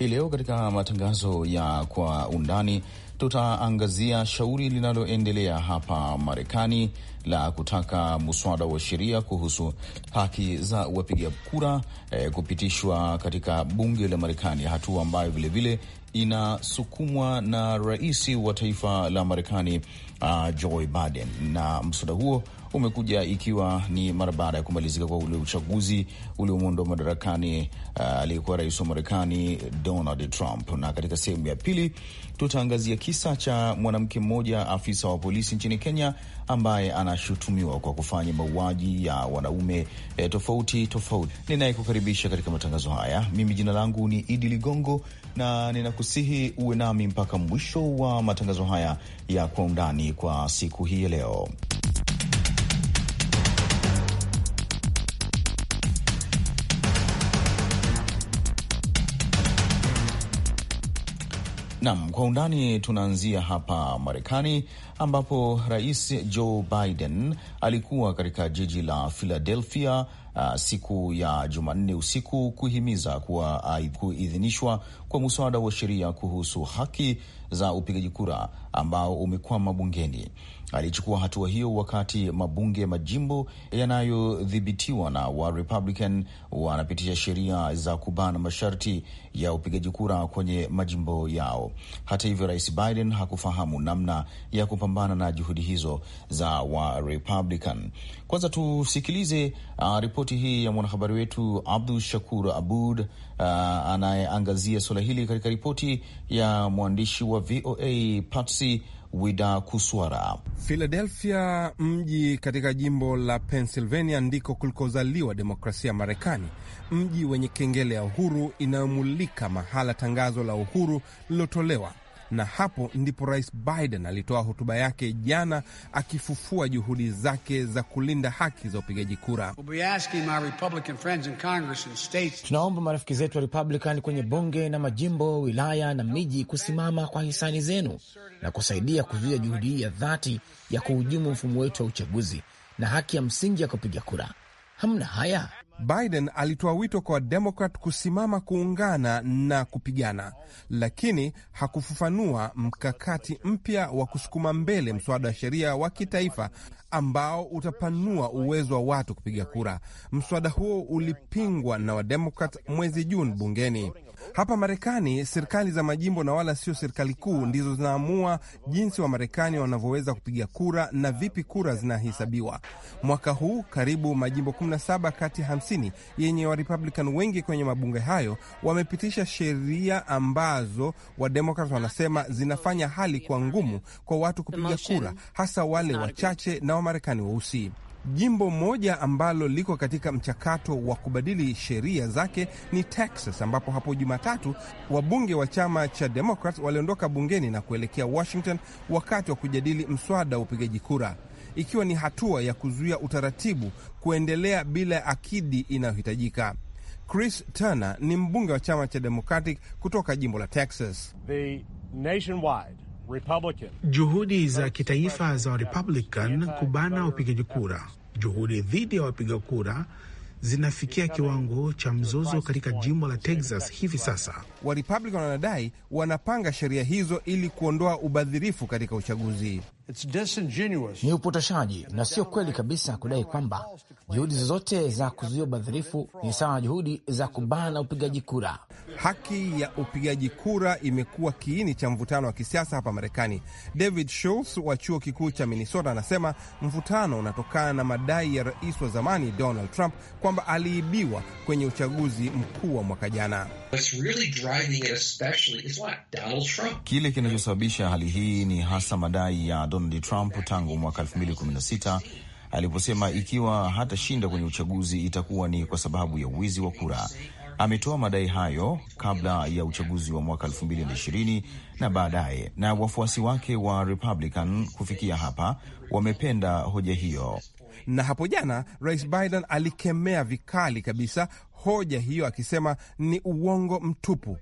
Hii leo katika matangazo ya kwa undani tutaangazia shauri linaloendelea hapa Marekani la kutaka muswada wa sheria kuhusu haki za wapiga kura eh, kupitishwa katika bunge la Marekani, hatua ambayo vilevile inasukumwa na rais wa taifa la Marekani uh, Joe Biden, na mswada huo umekuja ikiwa ni mara baada ya kumalizika kwa ule uchaguzi uliomwondoa madarakani uh, aliyekuwa rais wa Marekani Donald Trump. Na katika sehemu ya pili tutaangazia kisa cha mwanamke mmoja, afisa wa polisi nchini Kenya, ambaye anashutumiwa kwa kufanya mauaji ya wanaume eh, tofauti tofauti. Ninayekukaribisha katika matangazo haya mimi, jina langu ni Idi Ligongo, na ninakusihi uwe nami mpaka mwisho wa matangazo haya ya kwa undani kwa siku hii ya leo. Nam kwa undani, tunaanzia hapa Marekani ambapo Rais Joe Biden alikuwa katika jiji la Philadelphia uh, siku ya Jumanne usiku kuhimiza kuwa uh, kuidhinishwa kwa muswada wa sheria kuhusu haki za upigaji kura ambao umekwama bungeni alichukua hatua hiyo wakati mabunge ya majimbo yanayodhibitiwa na wa Republican wanapitisha sheria za kubana masharti ya upigaji kura kwenye majimbo yao. Hata hivyo, Rais Biden hakufahamu namna ya kupambana na juhudi hizo za wa Republican. Kwanza tusikilize uh, ripoti hii ya mwanahabari wetu Abdu Shakur Abud uh, anayeangazia suala hili katika ripoti ya mwandishi wa VOA Patsy Wida Kuswara. Philadelphia, mji katika jimbo la Pennsylvania, ndiko kulikozaliwa demokrasia ya Marekani, mji wenye kengele ya uhuru inayomulika mahala tangazo la uhuru lililotolewa na hapo ndipo Rais Biden alitoa hotuba yake jana, akifufua juhudi zake za kulinda haki za upigaji kura. Tunaomba marafiki zetu wa Republican kwenye bunge na majimbo, wilaya na miji kusimama kwa hisani zenu na kusaidia kuzuia juhudi hii ya dhati ya kuhujumu mfumo wetu wa uchaguzi na haki ya msingi ya kupiga kura. Hamna haya Biden alitoa wito kwa Wademokrat kusimama kuungana na kupigana, lakini hakufafanua mkakati mpya wa kusukuma mbele mswada wa sheria wa kitaifa ambao utapanua uwezo wa watu kupiga kura. Mswada huo ulipingwa na Wademokrat mwezi Juni bungeni. Hapa Marekani, serikali za majimbo na wala sio serikali kuu ndizo zinaamua jinsi Wamarekani wanavyoweza kupiga kura na vipi kura zinahesabiwa. Mwaka huu karibu majimbo 17 kati ya 50 yenye Warepublican wengi kwenye mabunge hayo wamepitisha sheria ambazo Wademokrat wanasema zinafanya hali kwa ngumu kwa watu kupiga kura, hasa wale wachache na Wamarekani weusi wa Jimbo moja ambalo liko katika mchakato wa kubadili sheria zake ni Texas, ambapo hapo Jumatatu wabunge wa chama cha demokrat waliondoka bungeni na kuelekea Washington wakati wa kujadili mswada wa upigaji kura, ikiwa ni hatua ya kuzuia utaratibu kuendelea bila akidi inayohitajika. Chris Turner ni mbunge wa chama cha Democratic kutoka jimbo la Texas. The nationwide juhudi za kitaifa za Warepublican kubana wapigaji kura, juhudi dhidi ya wapiga kura zinafikia kiwango cha mzozo katika jimbo la Texas hivi sasa. Warepublican wanadai wanapanga sheria hizo ili kuondoa ubadhirifu katika uchaguzi. Ni upotoshaji na sio kweli kabisa kudai kwamba juhudi zozote za kuzuia ubadhirifu ni sawa na juhudi za kubana upigaji kura. Haki ya upigaji kura imekuwa kiini cha mvutano wa kisiasa hapa Marekani. David Schultz wa chuo kikuu cha Minnesota anasema mvutano unatokana na madai ya rais wa zamani Donald Trump kwamba aliibiwa kwenye uchaguzi mkuu wa mwaka jana. Kile kinachosababisha hali hii ni hasa madai ya Donald Donald Trump tangu mwaka 2016 aliposema ikiwa hatashinda kwenye uchaguzi itakuwa ni kwa sababu ya wizi wa kura. Ametoa madai hayo kabla ya uchaguzi wa mwaka 2020 na baadaye, na wafuasi wake wa Republican kufikia hapa wamependa hoja hiyo. Na hapo jana Rais Biden alikemea vikali kabisa hoja hiyo akisema ni uongo mtupu,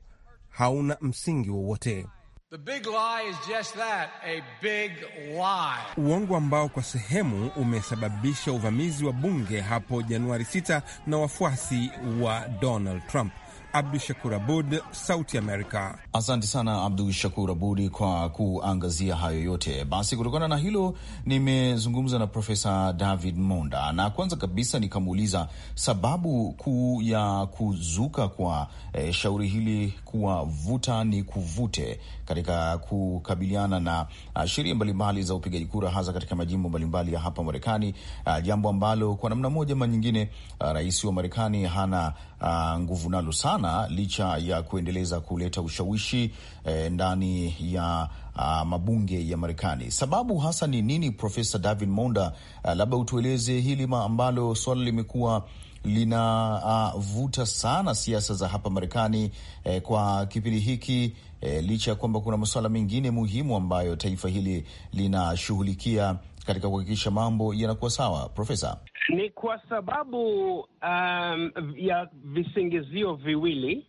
hauna msingi wowote. The big lie is just that, a big lie. Uongo ambao kwa sehemu umesababisha uvamizi wa bunge hapo Januari 6 na wafuasi wa Donald Trump. Abdu Shakur Abud, Sauti Amerika. Asante sana Abdu Shakur Abud kwa kuangazia hayo yote. Basi kutokana na hilo, nimezungumza na Profesa David Monda na kwanza kabisa nikamuuliza sababu kuu ya kuzuka kwa eh, shauri hili kuwa vuta ni kuvute katika kukabiliana na uh, sheria mbalimbali za upigaji kura hasa katika majimbo mbalimbali ya hapa Marekani, uh, jambo ambalo kwa namna moja ama nyingine, uh, rais wa Marekani hana uh, nguvu nalo sana, licha ya kuendeleza kuleta ushawishi eh, ndani ya uh, mabunge ya Marekani. Sababu hasa ni nini, Profesa David Monda? Uh, labda utueleze hili ambalo swala limekuwa linavuta uh, sana siasa za hapa Marekani eh, kwa kipindi hiki eh, licha ya kwamba kuna masuala mengine muhimu ambayo taifa hili linashughulikia katika kuhakikisha mambo yanakuwa sawa, Profesa. Ni kwa sababu um, ya visingizio viwili.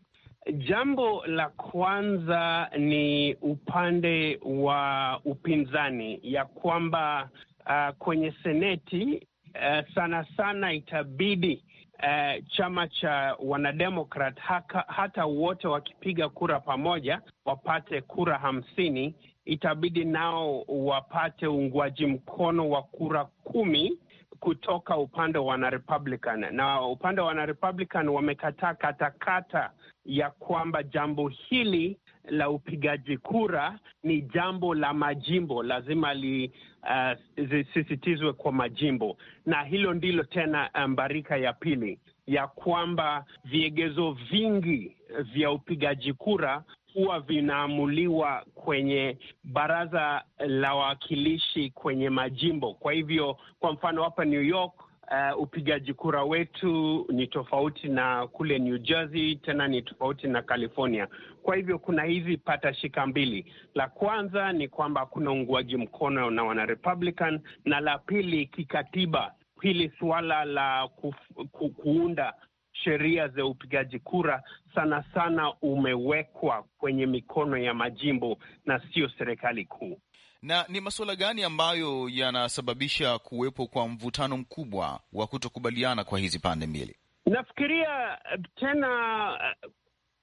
Jambo la kwanza ni upande wa upinzani ya kwamba uh, kwenye seneti uh, sana sana itabidi uh, chama cha wanademokrat haka, hata wote wakipiga kura pamoja wapate kura hamsini, itabidi nao wapate uungwaji mkono wa kura kumi kutoka upande wa wanarepublican, na upande wa wanarepublican wamekataa katakata ya kwamba jambo hili la upigaji kura ni jambo la majimbo, lazima lisisitizwe uh, kwa majimbo, na hilo ndilo tena mbarika um, ya pili ya kwamba viegezo vingi vya upigaji kura huwa vinaamuliwa kwenye baraza la wawakilishi kwenye majimbo. Kwa hivyo, kwa mfano hapa New York Uh, upigaji kura wetu ni tofauti na kule New Jersey, tena ni tofauti na California. Kwa hivyo kuna hizi pata shika mbili, la kwanza ni kwamba kuna unguaji mkono na wana Republican, na la pili kikatiba, hili suala la ku, kuunda sheria za upigaji kura sana sana umewekwa kwenye mikono ya majimbo na sio serikali kuu. Na ni masuala gani ambayo yanasababisha kuwepo kwa mvutano mkubwa wa kutokubaliana kwa hizi pande mbili? Nafikiria eh, tena eh,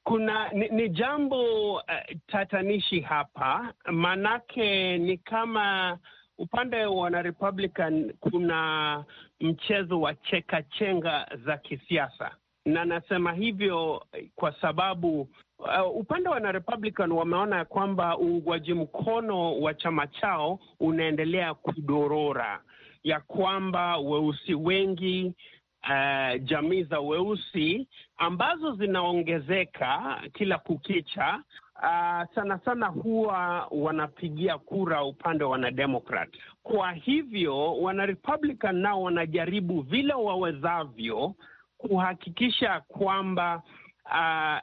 kuna ni, ni jambo uh, tatanishi hapa, maanake ni kama upande wa wanarepublican kuna mchezo wa chekachenga za kisiasa na nasema hivyo kwa sababu uh, upande wa na Republican wameona ya kwamba uungwaji mkono wa chama chao unaendelea kudorora, ya kwamba weusi wengi Uh, jamii za weusi ambazo zinaongezeka kila kukicha, uh, sana sana huwa wanapigia kura upande wa wanademokrat. Kwa hivyo wanarepublican nao wanajaribu vile wawezavyo kuhakikisha kwamba uh,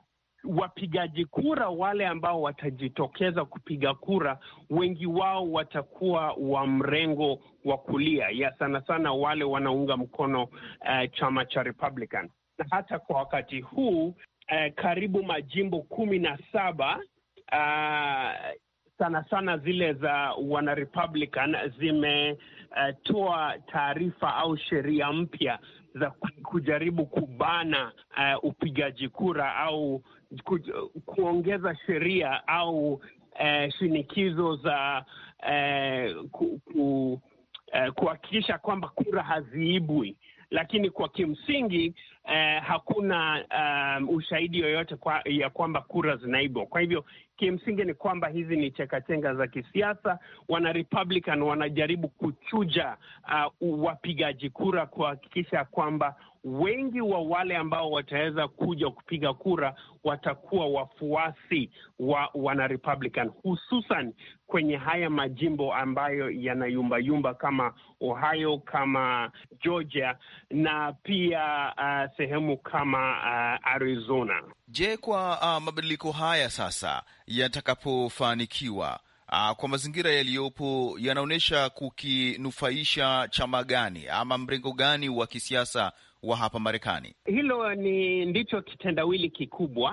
wapigaji kura wale ambao watajitokeza kupiga kura, wengi wao watakuwa wa mrengo wa kulia ya sana sana wale wanaunga mkono uh, chama cha Republican. Na hata kwa wakati huu uh, karibu majimbo kumi na saba uh, sana sana zile za wana zimetoa uh, taarifa au sheria mpya za kujaribu kubana uh, upigaji kura au ku, kuongeza sheria au uh, shinikizo za uh, ku, ku, uh, kuhakikisha kwamba kura haziibwi lakini kwa kimsingi eh, hakuna um, ushahidi yoyote kwa, ya kwamba kura zinaibwa. Kwa hivyo kimsingi ni kwamba hizi ni chekachenga za kisiasa. Wana Republican wanajaribu kuchuja uh, wapigaji kura kuhakikisha kwamba wengi wa wale ambao wataweza kuja kupiga kura watakuwa wafuasi wa wana Republican, hususan kwenye haya majimbo ambayo yanayumbayumba kama Ohio, kama Georgia na pia uh, sehemu kama uh, Arizona. Je, kwa uh, mabadiliko haya sasa yatakapofanikiwa uh, kwa mazingira yaliyopo yanaonyesha kukinufaisha chama gani ama mrengo gani wa kisiasa wa hapa Marekani. Hilo ni ndicho kitendawili kikubwa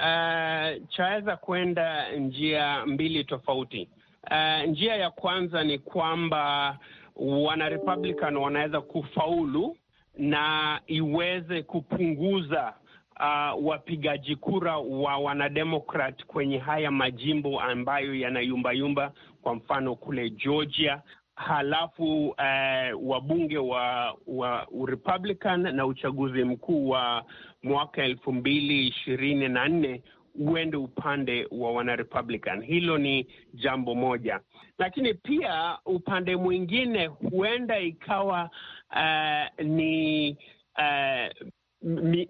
uh, chaweza kwenda njia mbili tofauti. Uh, njia ya kwanza ni kwamba wana Republican wanaweza kufaulu na iweze kupunguza uh, wapigaji kura wa wanademokrat kwenye haya majimbo ambayo yanayumbayumba, kwa mfano kule Georgia halafu eh, wabunge wa wa Republican na uchaguzi mkuu wa mwaka elfu mbili ishirini na nne uende upande wa Republican. Hilo ni jambo moja, lakini pia upande mwingine huenda ikawa uh, ni uh,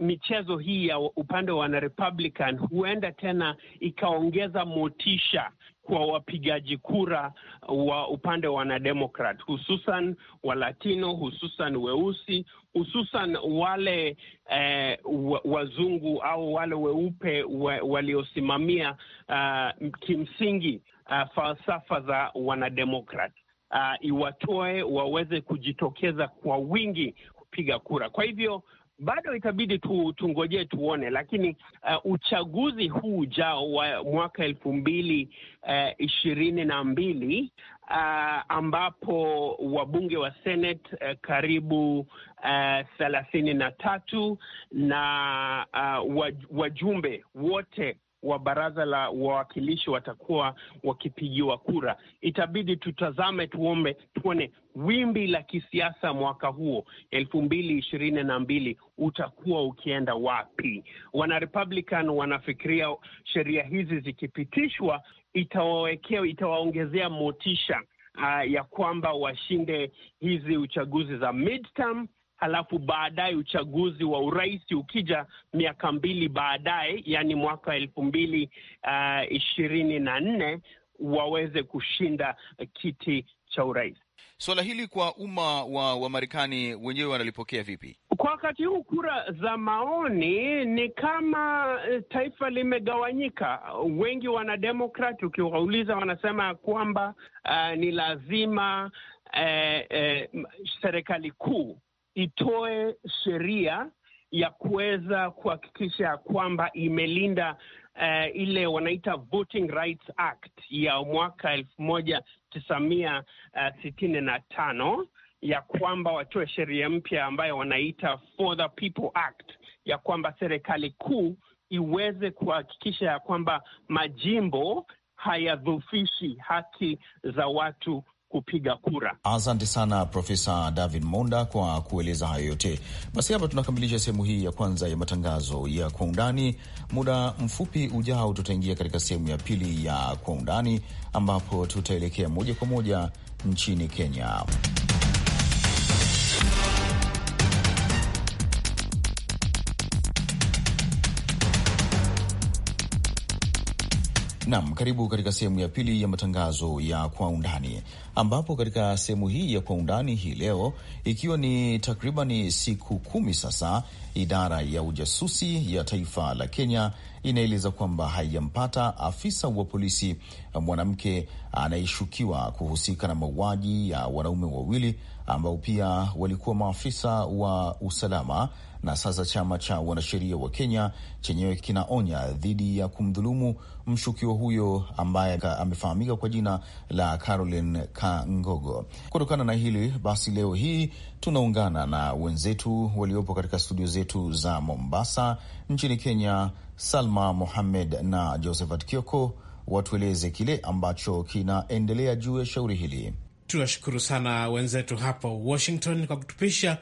michezo hii ya upande wa Republican huenda tena ikaongeza motisha kwa wapigaji kura wa upande wa wanademokrat, hususan Walatino, hususan weusi, hususan wale eh, wazungu au wale weupe waliosimamia uh, kimsingi uh, falsafa za wanademokrat uh, iwatoe waweze kujitokeza kwa wingi kupiga kura. Kwa hivyo bado itabidi tu tungojee tuone, lakini uh, uchaguzi huu ujao wa mwaka elfu mbili uh, ishirini na mbili uh, ambapo wabunge wa Senate uh, karibu uh, thelathini uh, na tatu na uh, wajumbe wote wa baraza la wawakilishi watakuwa wakipigiwa kura. Itabidi tutazame, tuombe, tuone wimbi la kisiasa mwaka huo elfu mbili ishirini na mbili utakuwa ukienda wapi. Wanarepublican wanafikiria sheria hizi zikipitishwa itawawekea itawaongezea motisha uh, ya kwamba washinde hizi uchaguzi za midterm halafu baadaye uchaguzi wa urais ukija miaka mbili baadaye, yani mwaka elfu mbili uh, ishirini na nne waweze kushinda kiti cha urais. Suala hili kwa umma wa Wamarekani wenyewe wanalipokea vipi? Kwa wakati huu kura za maoni ni kama eh, taifa limegawanyika. Wengi wanademokrati, ukiwauliza wanasema ya kwamba uh, ni lazima uh, uh, serikali kuu itoe sheria ya kuweza kuhakikisha ya kwamba imelinda uh, ile wanaita Voting Rights Act ya mwaka elfu moja tisa mia uh, sitini na tano ya kwamba watoe sheria mpya ambayo wanaita For the People Act ya kwamba serikali kuu iweze kuhakikisha ya kwamba majimbo hayadhufishi haki za watu kupiga kura. Asante sana Profesa David Monda kwa kueleza hayo yote. Basi hapa tunakamilisha sehemu hii ya kwanza ya matangazo ya kwa undani. Muda mfupi ujao, tutaingia katika sehemu ya pili ya kwa undani, ambapo tutaelekea moja kwa moja nchini Kenya. Nam, karibu katika sehemu ya pili ya matangazo ya kwa undani, ambapo katika sehemu hii ya kwa undani hii leo, ikiwa ni takriban siku kumi sasa, idara ya ujasusi ya taifa la Kenya inaeleza kwamba haijampata afisa wa polisi mwanamke anayeshukiwa kuhusika na mauaji ya wanaume wawili ambao pia walikuwa maafisa wa usalama na sasa chama cha wanasheria wa Kenya chenyewe kinaonya dhidi ya kumdhulumu mshukiwa huyo ambaye amefahamika kwa jina la Caroline Kangogo. Kutokana na hili basi, leo hii tunaungana na wenzetu waliopo katika studio zetu za Mombasa nchini Kenya, Salma Mohamed na Josephat Kioko watueleze kile ambacho kinaendelea juu ya shauri hili. Tunashukuru sana wenzetu hapo Washington kwa kutupisha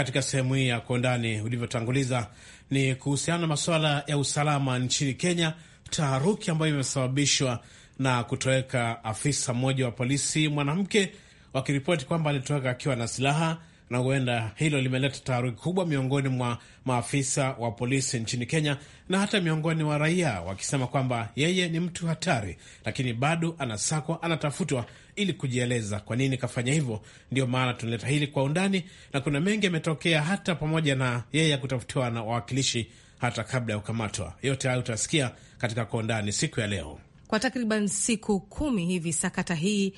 katika sehemu hii ya Kwa Undani ulivyotanguliza ni kuhusiana na masuala ya usalama nchini Kenya, taharuki ambayo imesababishwa na kutoweka afisa mmoja wa polisi mwanamke, wakiripoti kwamba alitoweka akiwa na silaha na huenda hilo limeleta taharuki kubwa miongoni mwa maafisa wa polisi nchini Kenya na hata miongoni mwa raia, wakisema kwamba yeye ni mtu hatari, lakini bado anasakwa, anatafutwa ili kujieleza kwa nini kafanya hivyo. Ndio maana tunaleta hili kwa undani, na kuna mengi yametokea, hata pamoja na yeye kutafutiwa na wawakilishi hata kabla ya kukamatwa. Yote hayo utasikia katika kwa undani siku ya leo. Kwa takriban siku kumi hivi sakata hii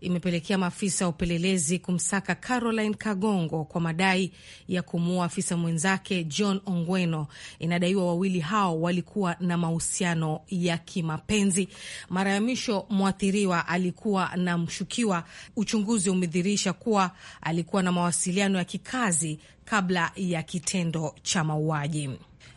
imepelekea maafisa wa upelelezi kumsaka Caroline Kagongo kwa madai ya kumuua afisa mwenzake John Ongweno. Inadaiwa wawili hao walikuwa na mahusiano ya kimapenzi. Mara ya mwisho mwathiriwa alikuwa na mshukiwa, uchunguzi umedhihirisha kuwa alikuwa na mawasiliano ya kikazi kabla ya kitendo cha mauaji.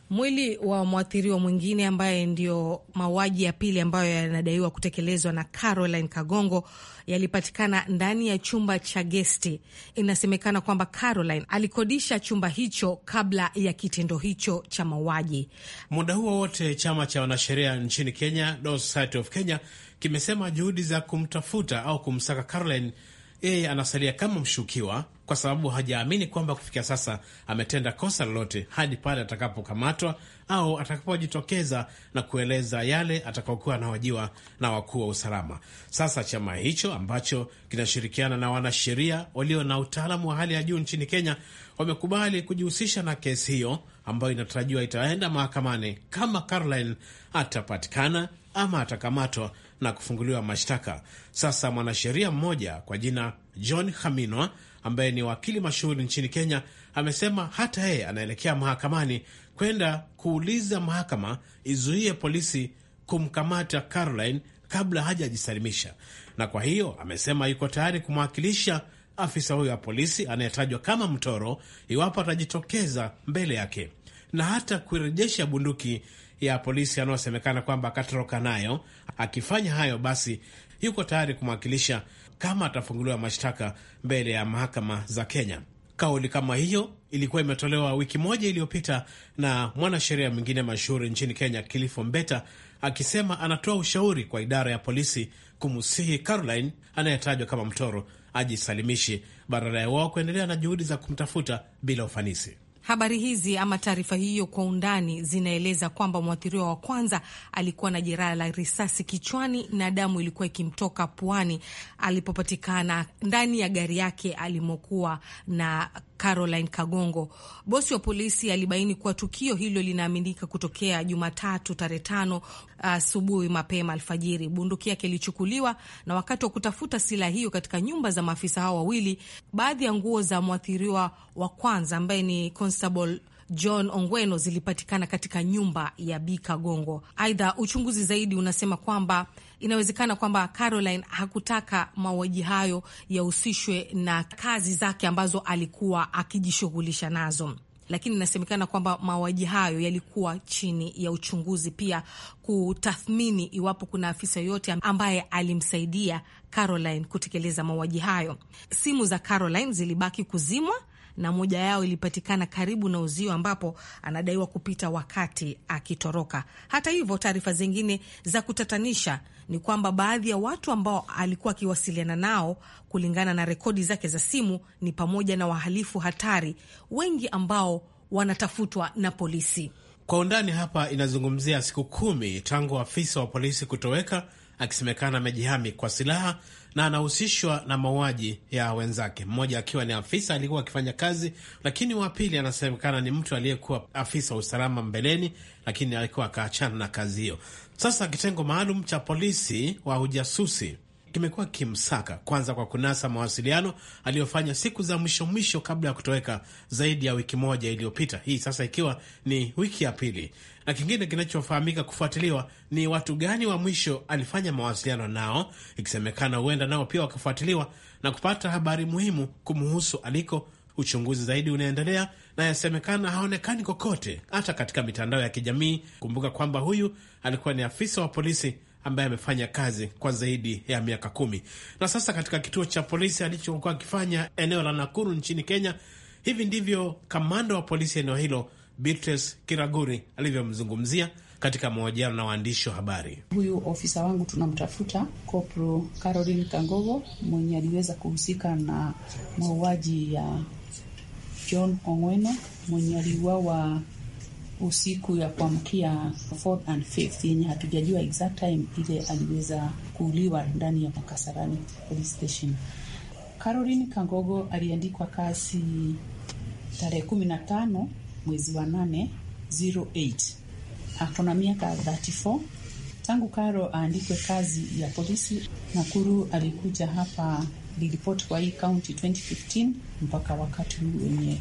Mwili wa mwathiriwa mwingine ambaye ndio mauaji ya pili ambayo yanadaiwa kutekelezwa na Caroline Kagongo yalipatikana ndani ya chumba cha gesti. Inasemekana kwamba Caroline alikodisha chumba hicho kabla ya kitendo hicho cha mauaji. Muda huo wote, chama cha wanasheria nchini Kenya, Law Society of Kenya, kimesema juhudi za kumtafuta au kumsaka Caroline, yeye anasalia kama mshukiwa kwa sababu hajaamini kwamba kufikia sasa ametenda kosa lolote hadi pale atakapokamatwa au atakapojitokeza na kueleza yale atakaokuwa anawajiwa na wakuu wa usalama. Sasa chama hicho ambacho kinashirikiana na wanasheria walio na utaalamu wa hali ya juu nchini Kenya wamekubali kujihusisha na kesi hiyo ambayo inatarajiwa itaenda mahakamani kama Caroline atapatikana ama atakamatwa na kufunguliwa mashtaka. Sasa mwanasheria mmoja kwa jina John Haminwa ambaye ni wakili mashuhuri nchini Kenya, amesema hata yeye anaelekea mahakamani kwenda kuuliza mahakama izuie polisi kumkamata Caroline kabla hajajisalimisha, na kwa hiyo amesema yuko tayari kumwakilisha afisa huyo wa polisi anayetajwa kama mtoro iwapo atajitokeza mbele yake na hata kuirejesha bunduki ya polisi anayosemekana kwamba akatoroka nayo. Akifanya hayo, basi yuko tayari kumwakilisha kama atafunguliwa mashtaka mbele ya mahakama za Kenya. Kauli kama hiyo ilikuwa imetolewa wiki moja iliyopita na mwanasheria mwingine mashuhuri nchini Kenya, Kilifo Mbeta, akisema anatoa ushauri kwa idara ya polisi kumsihi Caroline anayetajwa kama mtoro ajisalimishe badala ya wao kuendelea na juhudi za kumtafuta bila ufanisi. Habari hizi ama taarifa hiyo kwa undani zinaeleza kwamba mwathiriwa wa kwanza alikuwa na jeraha la risasi kichwani na damu ilikuwa ikimtoka puani alipopatikana ndani ya gari yake alimokuwa na Caroline Kagongo. Bosi wa polisi alibaini kuwa tukio hilo linaaminika kutokea Jumatatu tarehe tano uh, asubuhi uh, mapema alfajiri. Bunduki yake ilichukuliwa, na wakati wa kutafuta silaha hiyo katika nyumba za maafisa hao wawili, baadhi ya nguo za mwathiriwa wa kwanza ambaye ni Constable John Ongweno zilipatikana katika nyumba ya Bi Kagongo. Aidha, uchunguzi zaidi unasema kwamba inawezekana kwamba Caroline hakutaka mauaji hayo yahusishwe na kazi zake ambazo alikuwa akijishughulisha nazo lakini inasemekana kwamba mauaji hayo yalikuwa chini ya uchunguzi pia kutathmini iwapo kuna afisa yoyote ambaye alimsaidia Caroline kutekeleza mauaji hayo. Simu za Caroline zilibaki kuzimwa na moja yao ilipatikana karibu na uzio ambapo anadaiwa kupita wakati akitoroka. Hata hivyo, taarifa zingine za kutatanisha ni kwamba baadhi ya watu ambao alikuwa akiwasiliana nao, kulingana na rekodi zake za simu, ni pamoja na wahalifu hatari wengi ambao wanatafutwa na polisi. Kwa undani hapa inazungumzia siku kumi tangu afisa wa polisi kutoweka, akisemekana amejihami kwa silaha na anahusishwa na mauaji ya wenzake, mmoja akiwa ni afisa aliyekuwa akifanya kazi, lakini wa pili anasemekana ni mtu aliyekuwa afisa wa usalama mbeleni, lakini alikuwa akaachana na kazi hiyo. Sasa kitengo maalum cha polisi wa ujasusi kimekuwa kimsaka kwanza kwa kunasa mawasiliano aliyofanya siku za mwisho mwisho kabla ya kutoweka zaidi ya wiki moja iliyopita, hii sasa ikiwa ni wiki ya pili. Na kingine kinachofahamika kufuatiliwa ni watu gani wa mwisho alifanya mawasiliano nao, ikisemekana huenda nao pia wakafuatiliwa na kupata habari muhimu kumhusu aliko. Uchunguzi zaidi unaendelea na yasemekana haonekani kokote, hata katika mitandao ya kijamii. Kumbuka kwamba huyu alikuwa ni afisa wa polisi ambaye amefanya kazi kwa zaidi ya miaka kumi na sasa katika kituo cha polisi alichokuwa akifanya eneo la Nakuru nchini Kenya. Hivi ndivyo kamanda wa polisi eneo hilo Beatrice Kiraguri alivyomzungumzia katika mahojiano na waandishi wa habari. Huyu ofisa wangu tunamtafuta Kopro Caroline Kangogo mwenye aliweza kuhusika na mauaji ya John Ongweno mwenye aliuawa usiku ya kuamkia fourth and fifth yenye hatujajua exact time ile aliweza kuuliwa ndani ya Makasarani police station. Caroline Kangogo aliandikwa kasi tarehe 15 mwezi wa 8 08. Akona miaka 34. Tangu Karo aandikwe kazi ya polisi, Nakuru alikuja hapa liripoti kwa hii kaunti 2015 mpaka wakati huu wenye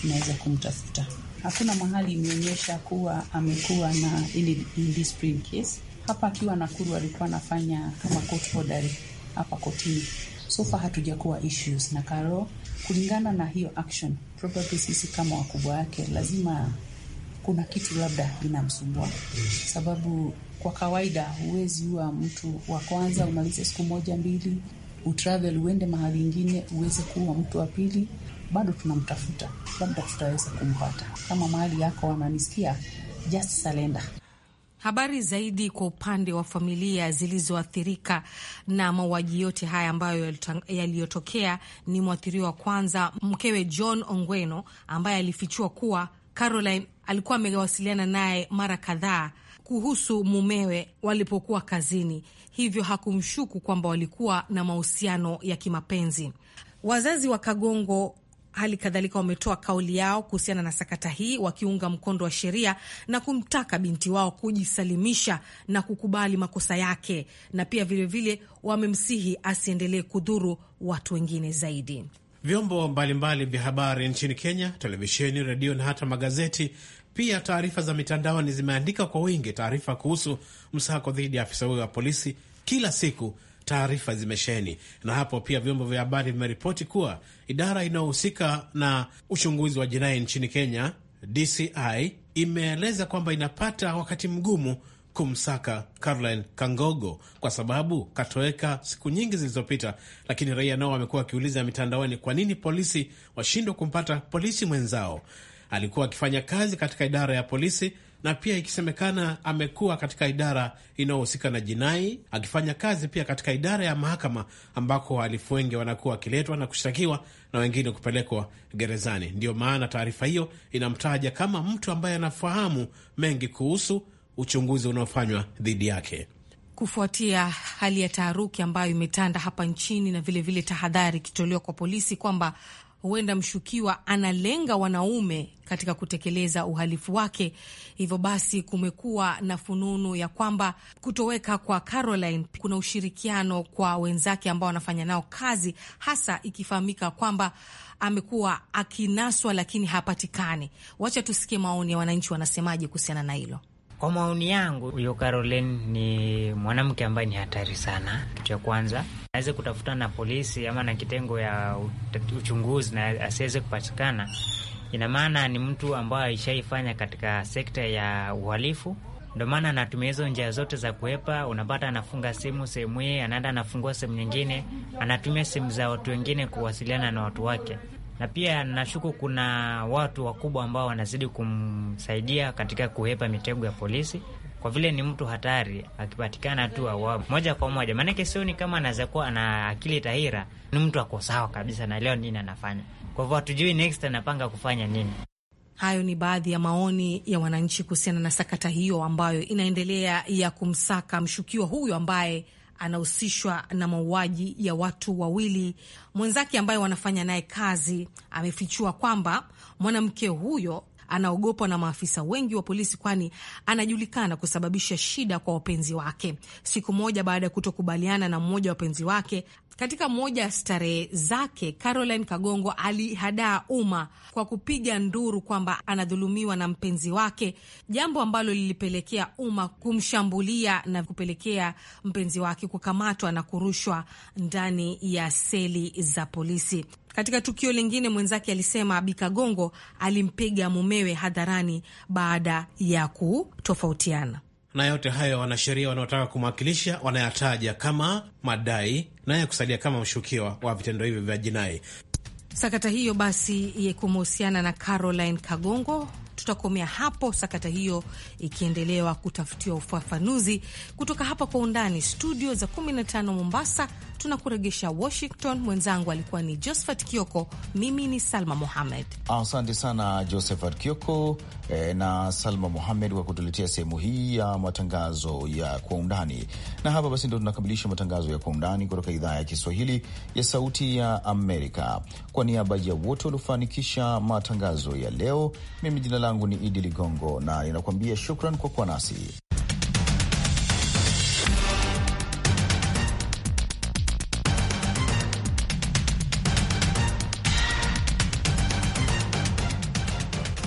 tunaweza kumtafuta hakuna mahali imeonyesha kuwa amekuwa na ili in this spring case hapa. Akiwa Nakuru alikuwa anafanya kama court order hapa kotini. So far hatujakuwa issues na Karo kulingana na hiyo action. Probably sisi kama wakubwa wake lazima kuna kitu labda inamsumbua, sababu kwa kawaida huwezi huwa mtu wa kwanza umalize siku moja mbili, utravel uende mahali ingine uweze kuwa mtu wa pili bado tunamtafuta, labda tutaweza kumpata. Kama mali yako wananisikia, just surrender. Habari zaidi kwa upande wa familia zilizoathirika na mauaji yote haya ambayo yaliyotokea, ni mwathiriwa wa kwanza mkewe John Ongweno ambaye alifichua kuwa Caroline alikuwa amewasiliana naye mara kadhaa kuhusu mumewe walipokuwa kazini, hivyo hakumshuku kwamba walikuwa na mahusiano ya kimapenzi. Wazazi wa Kagongo hali kadhalika wametoa kauli yao kuhusiana na sakata hii wakiunga mkondo wa sheria na kumtaka binti wao kujisalimisha na kukubali makosa yake, na pia vilevile wamemsihi asiendelee kudhuru watu wengine zaidi. Vyombo mbalimbali vya habari nchini Kenya, televisheni, redio na hata magazeti pia taarifa za mitandaoni zimeandika kwa wingi taarifa kuhusu msako dhidi ya afisa huyo wa polisi kila siku, taarifa zimesheni. Na hapo pia vyombo vya habari vimeripoti kuwa idara inayohusika na uchunguzi wa jinai nchini Kenya, DCI, imeeleza kwamba inapata wakati mgumu kumsaka Caroline Kangogo kwa sababu katoweka siku nyingi zilizopita, lakini raia nao wamekuwa wakiuliza mitandaoni, kwa nini polisi washindwa kumpata polisi mwenzao? Alikuwa akifanya kazi katika idara ya polisi na pia ikisemekana amekuwa katika idara inayohusika na jinai akifanya kazi pia katika idara ya mahakama ambako wahalifu wengi wanakuwa wakiletwa na kushtakiwa na wengine kupelekwa gerezani. Ndiyo maana taarifa hiyo inamtaja kama mtu ambaye anafahamu mengi kuhusu uchunguzi unaofanywa dhidi yake. Kufuatia hali ya taharuki ambayo imetanda hapa nchini na vilevile tahadhari ikitolewa kwa polisi kwamba huenda mshukiwa analenga wanaume katika kutekeleza uhalifu wake. Hivyo basi kumekuwa na fununu ya kwamba kutoweka kwa Caroline kuna ushirikiano kwa wenzake ambao wanafanya nao kazi, hasa ikifahamika kwamba amekuwa akinaswa lakini hapatikani. Wacha tusikie maoni ya wananchi wanasemaje kuhusiana na hilo. Kwa maoni yangu, huyo Caroline ni mwanamke ambaye ni hatari sana. Kitu cha kwanza aweze kutafuta na polisi ama na kitengo ya uchunguzi na asiweze kupatikana, ina maana ni mtu ambaye aishaifanya katika sekta ya uhalifu. Ndio maana anatumia hizo njia zote za kuepa. Unapata anafunga simu sehemu hii, anaenda anafungua sehemu nyingine, anatumia simu za watu wengine kuwasiliana na watu wake na pia nashuku kuna watu wakubwa ambao wanazidi kumsaidia katika kuhepa mitego ya polisi kwa vile ni mtu hatari, akipatikana tu awabu moja kwa moja. Maanake sioni kama anaweza kuwa ana akili tahira, ni mtu ako sawa kabisa na leo nini anafanya. Kwa hivyo hatujui next anapanga kufanya nini. Hayo ni baadhi ya maoni ya wananchi kuhusiana na sakata hiyo ambayo inaendelea ya kumsaka mshukiwa huyo ambaye anahusishwa na mauaji ya watu wawili. Mwenzake ambaye wanafanya naye kazi amefichua kwamba mwanamke huyo anaogopwa na maafisa wengi wa polisi, kwani anajulikana kusababisha shida kwa wapenzi wake. Siku moja baada ya kutokubaliana na mmoja wa wapenzi wake, katika moja ya starehe zake, Caroline Kagongo alihadaa umma kwa kupiga nduru kwamba anadhulumiwa na mpenzi wake, jambo ambalo lilipelekea umma kumshambulia na kupelekea mpenzi wake kukamatwa na kurushwa ndani ya seli za polisi. Katika tukio lingine, mwenzake alisema Bikagongo alimpiga mumewe hadharani baada ya kutofautiana na yote hayo wanasheria wanaotaka kumwakilisha wanayataja kama madai, naye kusalia kama mshukiwa wa vitendo hivyo vya jinai. Sakata hiyo basi kumehusiana na Caroline Kagongo tutakomea hapo, sakata hiyo ikiendelewa kutafutiwa ufafanuzi. Kutoka hapa kwa undani studio za 15 Mombasa, tunakuregesha Washington. Mwenzangu alikuwa ni Josephat Kioko, mimi ni Salma muhamed Asante sana Josephat Kioko eh, na Salma muhamed kwa kutuletea sehemu hii ya matangazo ya kwa undani. Na hapa basi ndo tunakamilisha matangazo ya kwa undani kutoka idhaa ya Kiswahili ya Sauti ya Amerika. Kwa niaba ya wote waliofanikisha matangazo ya leo, mimi jina langu ni Idi Ligongo na ninakuambia shukran kwa kuwa nasi.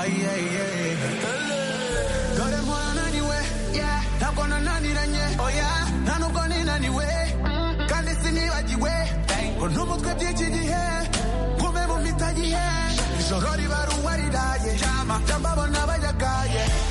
Ah, yeah, yeah. Got them on anyway. Yeah. gonna Oh, yeah. Now no gonna Can't listen to you way. Thank you. No more good DJ here. Kume mumitaji here. Jorori baru wari daye. Jama. Jamba bonabaja kaye. Yeah.